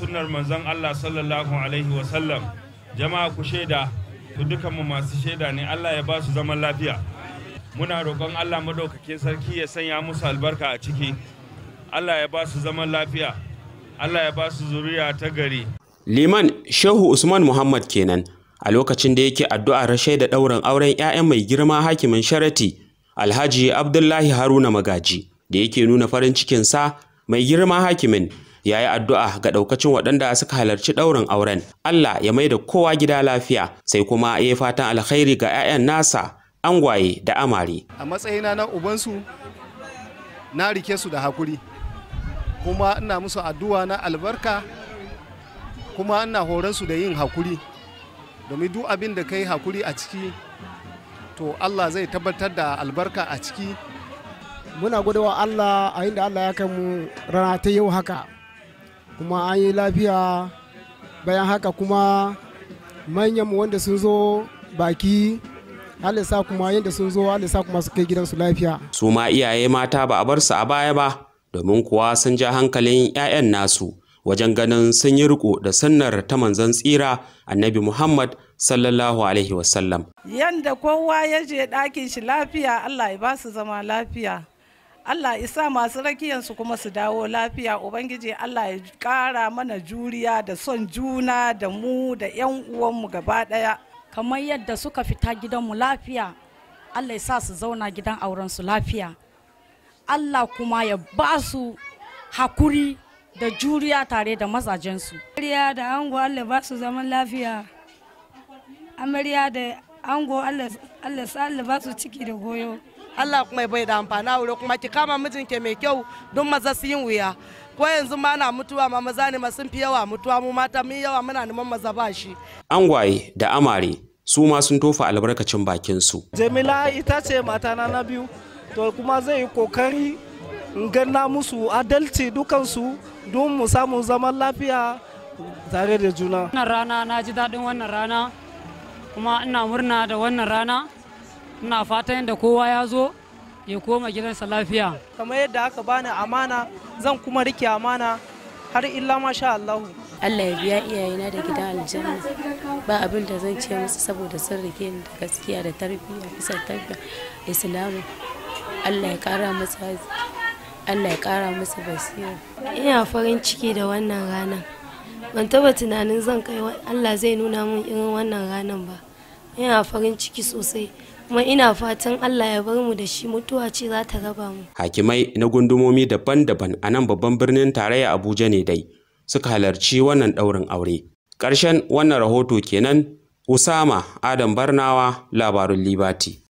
sunnar manzon Allah sallallahu alaihi wasallam jama'a ku shaida ku dukanmu masu shaida ne Allah ya ba su zaman lafiya muna roƙon Allah madaukakin sarki ya sanya musu albarka a ciki Allah ya ba su zaman lafiya Allah ya ba su zuriya ta gari liman shehu usman muhammad kenan a lokacin da yake addu'a rashe da ɗaurin auren 'ya'yan mai girma hakimin sharati alhaji abdullahi haruna magaji da yake nuna farin cikinsa mai girma hakimin ya yi addu'a ga ɗaukacin waɗanda suka halarci ɗaurin auren. Allah ya mai da kowa gida lafiya sai kuma ya fatan alkhairi ga 'ya'yan nasa angwaye da amari. A matsayina na ubansu na rike su da hakuri kuma ina musu addu'a na albarka kuma ina horonsu da yin hakuri domin duk abin da ka hakuri a ciki to Allah zai tabbatar da albarka a ciki. Muna godewa Allah a inda Allah ya kai mu rana ta yau haka. kuma an yi lafiya bayan haka kuma manyanmu wanda sun zo baki halisa kuma yadda sun zo halisa kuma su kai gidansu lafiya su ma iyaye mata ba a bar su a baya ba domin kuwa sun ja hankalin 'ya'yan nasu wajen ganin sun yi riko da sunnar ta manzan tsira annabi muhammad sallallahu alaihi wasallam yadda kowa ya je ɗakin shi lafiya allah ya ba su zama lafiya Allah isa masu rakiyansu kuma su dawo lafiya Ubangiji Allah ya kara mana juriya da son juna da mu da 'yan uwanmu gaba ɗaya. Kamar yadda suka fita gidanmu lafiya, Allah ya sa su zauna gidan aurensu lafiya. Allah kuma ya ba su hakuri da juriya tare da mazajensu. Amarya da ango Allah ba su zaman lafiya. Amarya da ango Allah ba su ciki da goyo. Allah kuma bai da amfani aure kuma ki kama mijin mijinki mai kyau don maza su yin wuya ko yanzu ma na mutuwa ma maza ne sun fi yawa mutuwa mu mata mun yawa muna neman maza ba shi angwaye da amare su ma sun tofa albarkacin bakin su Jamila ita ce matana na biyu to kuma zai yi kokari in ganna musu adalci dukansu don mu samu zaman lafiya tare da juna wannan rana na ji daɗin wannan rana kuma ina murna da wannan rana ina fatan yadda kowa ya zo ya koma gidansa lafiya kamar yadda aka bani amana zan kuma rike amana har illa masha Allahu Allah ya biya iyayena da gidan aljanna ba abin da zan ce musu saboda sun rike ni da gaskiya da tarbiyya bisa tarbiyya islamu Allah ya kara musu Allah ya kara musu basira ina farin ciki da wannan ranar ban taba tunanin zan kai Allah zai nuna min irin wannan ranar ba yana farin ciki sosai kuma ina fatan Allah ya bar mu da shi mutuwa ce za ta raba mu. Hakimai na gundumomi daban-daban a nan babban birnin tarayya Abuja ne dai suka halarci wannan ɗaurin aure. Ƙarshen wannan rahoto kenan Usama Adam Barnawa labarun Libati.